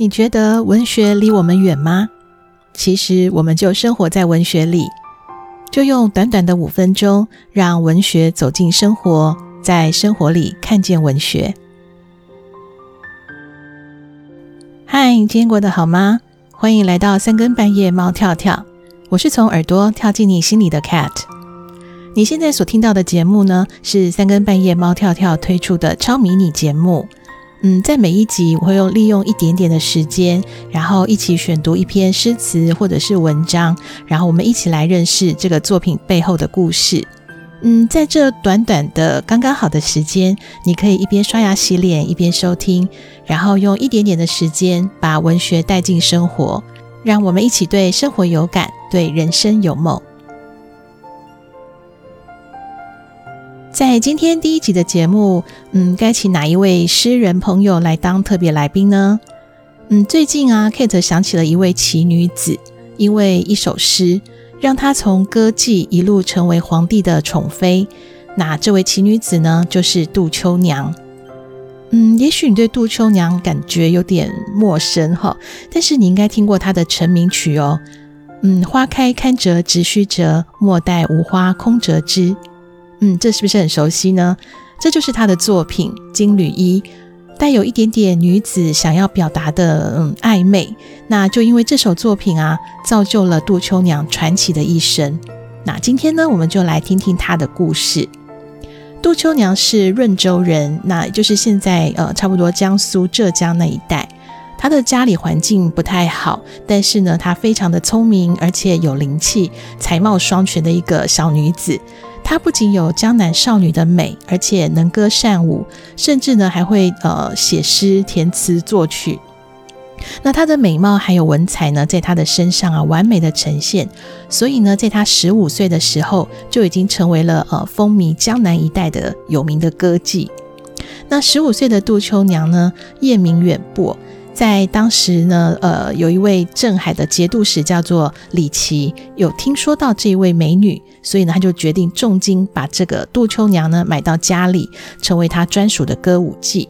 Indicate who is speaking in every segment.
Speaker 1: 你覺得文學離我們遠嗎？其實我們就生活在文學裡，就用短短的五分鐘，讓文學走進生活，在生活裡看見文學。嗨，你今天過得好嗎？歡迎來到三更半夜貓跳跳，我是從耳朵跳進你心裡的 Cat。你現在所聽到的節目呢，是三更半夜貓跳跳推出的超迷你節目。嗯，在每一集我會用利用一點點的時間，然後一起選讀一篇詩詞或者是文章，然後我們一起來認識這個作品背後的故事。嗯，在這短短的剛剛好的時間，你可以一邊刷牙洗臉，一邊收聽，然後用一點點的時間把文學帶進生活，讓我們一起對生活有感，對人生有夢。在今天第一集的節目，嗯，該請哪一位詩人朋友來當特別來賓呢？嗯，最近啊，Kate 想起了一位奇女子，因為一首詩，讓她從歌妓一路成為皇帝的寵妃。那這位奇女子呢，就是杜秋娘。嗯，也許你對杜秋娘感覺有點陌生哈，但是你應該聽過她的成名曲哦。嗯，花開堪折直須折，莫待無花空折枝。嗯，這是不是很熟悉呢？這就是她的作品《金縷衣》，帶有一點點女子想要表達的嗯曖昧。那就因為這首作品啊，造就了杜秋娘傳奇的一生。那今天呢，我們就來聽聽她的故事。杜秋娘是潤州人，那就是現在呃差不多江蘇、浙江那一帶。她的家裡環境不太好，但是呢，她非常的聰明，而且有靈氣，才貌雙全的一個小女子。她不僅有江南少女的美，而且能歌善舞，甚至呢還會呃寫詩填詞作曲。那她的美貌還有文采呢，在她的身上啊完美的呈現。所以呢，在她十五歲的時候，就已經成為了呃風靡江南一帶的有名的歌妓。那十五歲的杜秋娘呢，豔名遠播。在當時呢，呃，有一位鎮海的節度使叫做李琦，有聽說到這一位美女，所以呢，他就決定重金把這個杜秋娘呢買到家裡，成為他專屬的歌舞伎。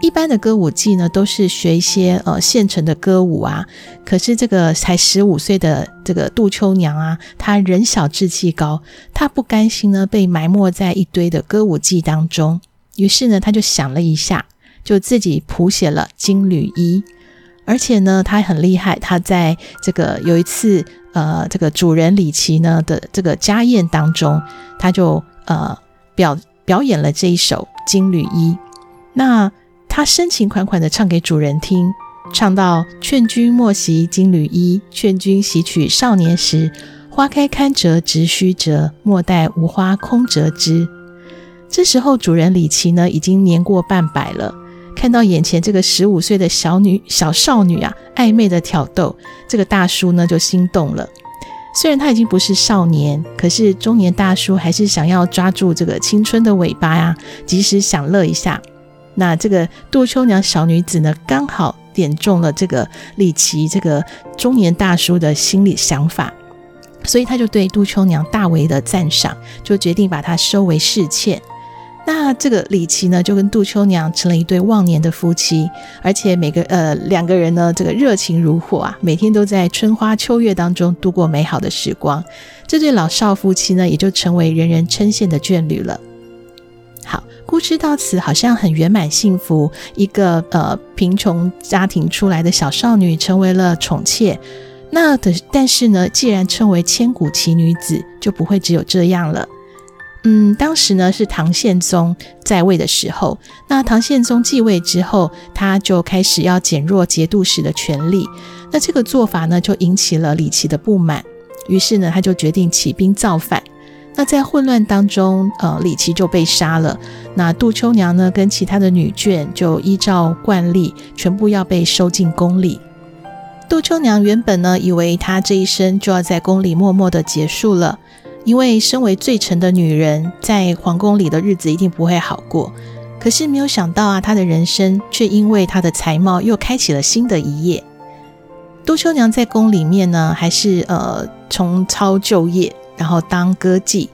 Speaker 1: 一般的歌舞伎呢，都是學一些呃現成的歌舞啊，可是這個才十五歲的這個杜秋娘啊，她人小志氣高，她不甘心呢被埋沒在一堆的歌舞伎當中，於是呢，她就想了一下。就自己譜寫了《金縷衣》，而且呢，他很厲害。他在這個有一次，呃，這個主人李琦呢的這個家宴當中，他就呃表表演了這一首《金縷衣》。那他深情款款地唱給主人聽，唱到“勸君莫惜金縷衣，勸君惜取少年時。花開堪折直須折，莫待無花空折枝。”這時候，主人李琦呢已經年過半百了。看到眼前這個十五歲的小女小少女啊，曖昧的挑逗，這個大叔呢就心動了。雖然他已經不是少年，可是中年大叔還是想要抓住這個青春的尾巴呀，啊，及時享樂一下。那這個杜秋娘小女子呢，剛好點中了這個李琦這個中年大叔的心理想法，所以他就對杜秋娘大為的讚賞，就決定把她收為侍妾。那這個李錡呢，就跟杜秋娘成了一對忘年的夫妻，而且每個呃，兩個人呢，這個熱情如火啊，每天都在春花秋月當中度過美好的時光。這對老少夫妻呢，也就成為人人稱羨的眷侶了。好，故事到此好像很圓滿幸福，一個呃，貧窮家庭出來的小少女成為了寵妾，那的但是呢，既然稱為千古奇女子，就不會只有這樣了。嗯，當時呢是唐憲宗在位的時候。那唐憲宗繼位之後，他就開始要減弱節度使的權力。那這個做法呢，就引起了李琦的不滿。於是呢，他就決定起兵造反。那在混亂當中，呃，李琦就被殺了。那杜秋娘呢，跟其他的女眷就依照慣例，全部要被收進宮裡。杜秋娘原本呢，以為她這一生就要在宮裡默默的結束了。因為身為罪臣的女人，在皇宮裡的日子一定不會好過。可是沒有想到啊，她的人生卻因為她的才貌，又開啟了新的一頁。杜秋娘在宮裡面呢，還是呃重操舊業，然後當歌妓。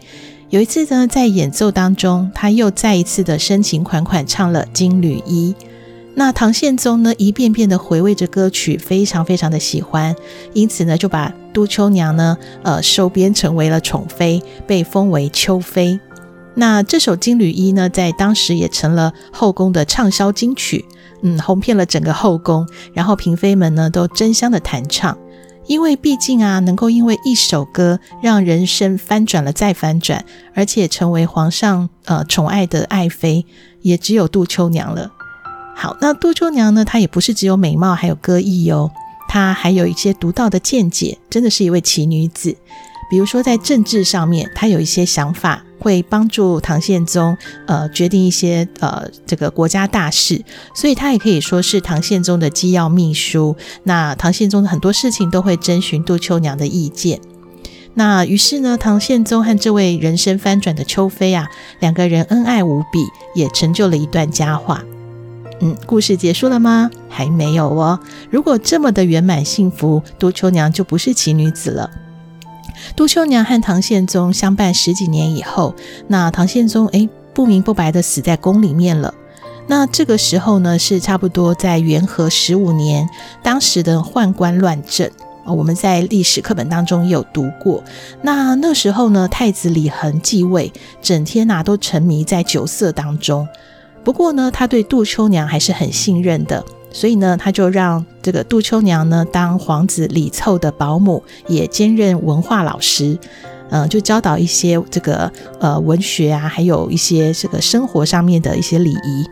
Speaker 1: 有一次呢，在演奏當中，她又再一次的深情款款唱了《金縷衣》。那唐憲宗呢，一遍遍的回味着歌曲，非常非常的喜歡，因此呢，就把杜秋娘呢，呃，收編成為了寵妃，被封為秋妃。那這首《金縷衣》呢，在當時也成了後宮的暢銷金曲，嗯，紅遍了整個後宮，然後嬪妃們呢，都爭相的彈唱，因為畢竟啊，能夠因為一首歌讓人生翻轉了再翻轉，而且成為皇上，呃，寵愛的愛妃，也只有杜秋娘了。好，那杜秋娘呢，她也不是只有美貌，還有歌藝哦。她還有一些獨到的見解，真的是一位奇女子。比如說在政治上面，她有一些想法，會幫助唐憲宗呃決定一些呃這個國家大事，所以她也可以說是唐憲宗的機要秘書。那唐憲宗的很多事情都會徵詢杜秋娘的意見。那於是呢，唐憲宗和這位人生翻轉的秋妃啊，兩個人恩愛無比，也成就了一段佳話。嗯，故事結束了嗎？還沒有哦。如果這麼的圓滿幸福，杜秋娘就不是奇女子了。杜秋娘和唐憲宗相伴十幾年以後，那唐憲宗誒，不明不白的死在宮裡面了。那這個時候呢，是差不多在元和十五年，當時的宦官亂政，我們在歷史課本當中也有讀過。那那時候呢，太子李恆繼位，整天吶、啊、都沉迷在酒色當中。不過呢，他對杜秋娘還是很信任的，所以呢，他就讓這個杜秋娘呢當皇子李湊的保姆，也兼任文化老師，嗯、呃，就教導一些這個呃文學啊，還有一些這個生活上面的一些禮儀。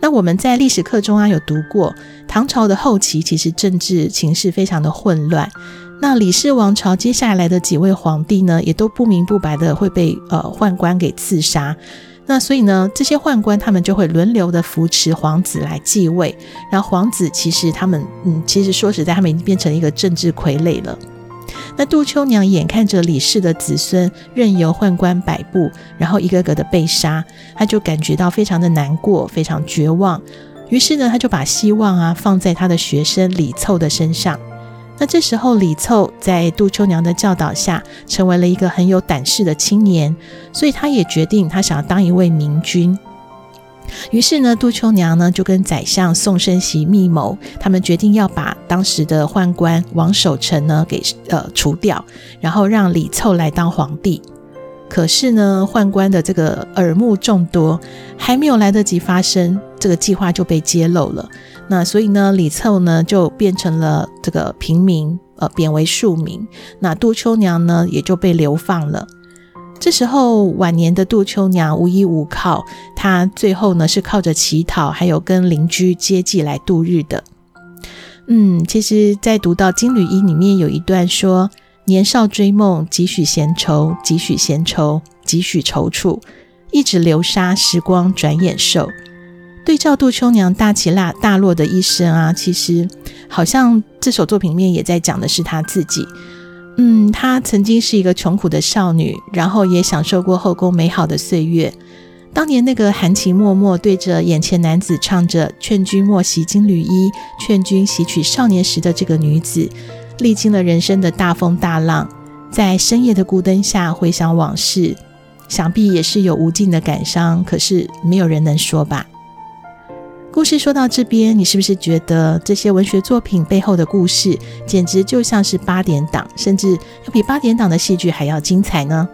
Speaker 1: 那我們在歷史課中啊有讀過，唐朝的後期其實政治情勢非常的混亂，那李氏王朝接下來的幾位皇帝呢也都不明不白的會被呃宦官給刺殺。那所以呢，這些宦官他們就會輪流的扶持皇子來繼位，然後皇子其實他們，嗯，其實說實在，他們已經變成一個政治傀儡了。那杜秋娘眼看着李氏的子孫任由宦官擺布，然後一個個的被殺，她就感覺到非常的難過，非常絕望。於是呢，她就把希望啊放在她的學生李湊的身上。那這時候，李湊在杜秋娘的教導下，成為了一個很有膽識的青年，所以他也決定他想要當一位明君。於是呢，杜秋娘呢就跟宰相宋申錫密謀，他們決定要把當時的宦官王守澄呢給呃除掉，然後讓李湊來當皇帝。可是呢，宦官的這個耳目眾多，還沒有來得及發聲，這個計劃就被揭露了。那所以呢，李湊呢就變成了這個平民，呃，貶為庶民。那杜秋娘呢也就被流放了。這時候，晚年的杜秋娘無依無靠，她最後呢是靠着乞討，還有跟鄰居接濟來度日的。嗯，其實，在讀到《金縷衣》裡面有一段說。年少追夢，幾許閒愁，幾許閒愁，幾許愁處。一直流沙，時光轉眼瘦。對照杜秋娘大起大落的一生啊，其實好像這首作品面也在講的是她自己。嗯，她曾經是一個窮苦的少女，然後也享受過後宮美好的歲月。當年那個含情脈脈對着眼前男子唱着“勸君莫惜金縷衣，勸君惜取少年時”的這個女子，歷經了人生的大風大浪，在深夜的孤燈下回想往事，想必也是有無盡的感傷。可是沒有人能說吧？故事說到這邊，你是不是覺得這些文學作品背後的故事，簡直就像是八點檔，甚至要比八點檔的戲劇還要精彩呢？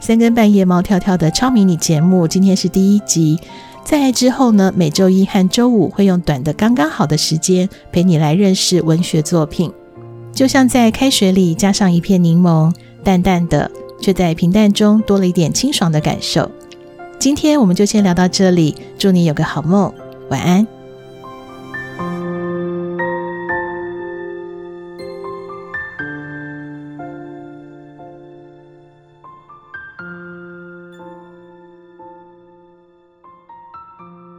Speaker 1: 三更半夜貓跳跳的超迷你節目，今天是第一集，在之後呢，每週一和週五會用短的剛剛好的時間，陪你來認識文學作品。就像在開水裡加上一片檸檬，淡淡的，卻在平淡中多了一點清爽的感受。今天我們就先聊到這裡，祝你有個好夢，晚安。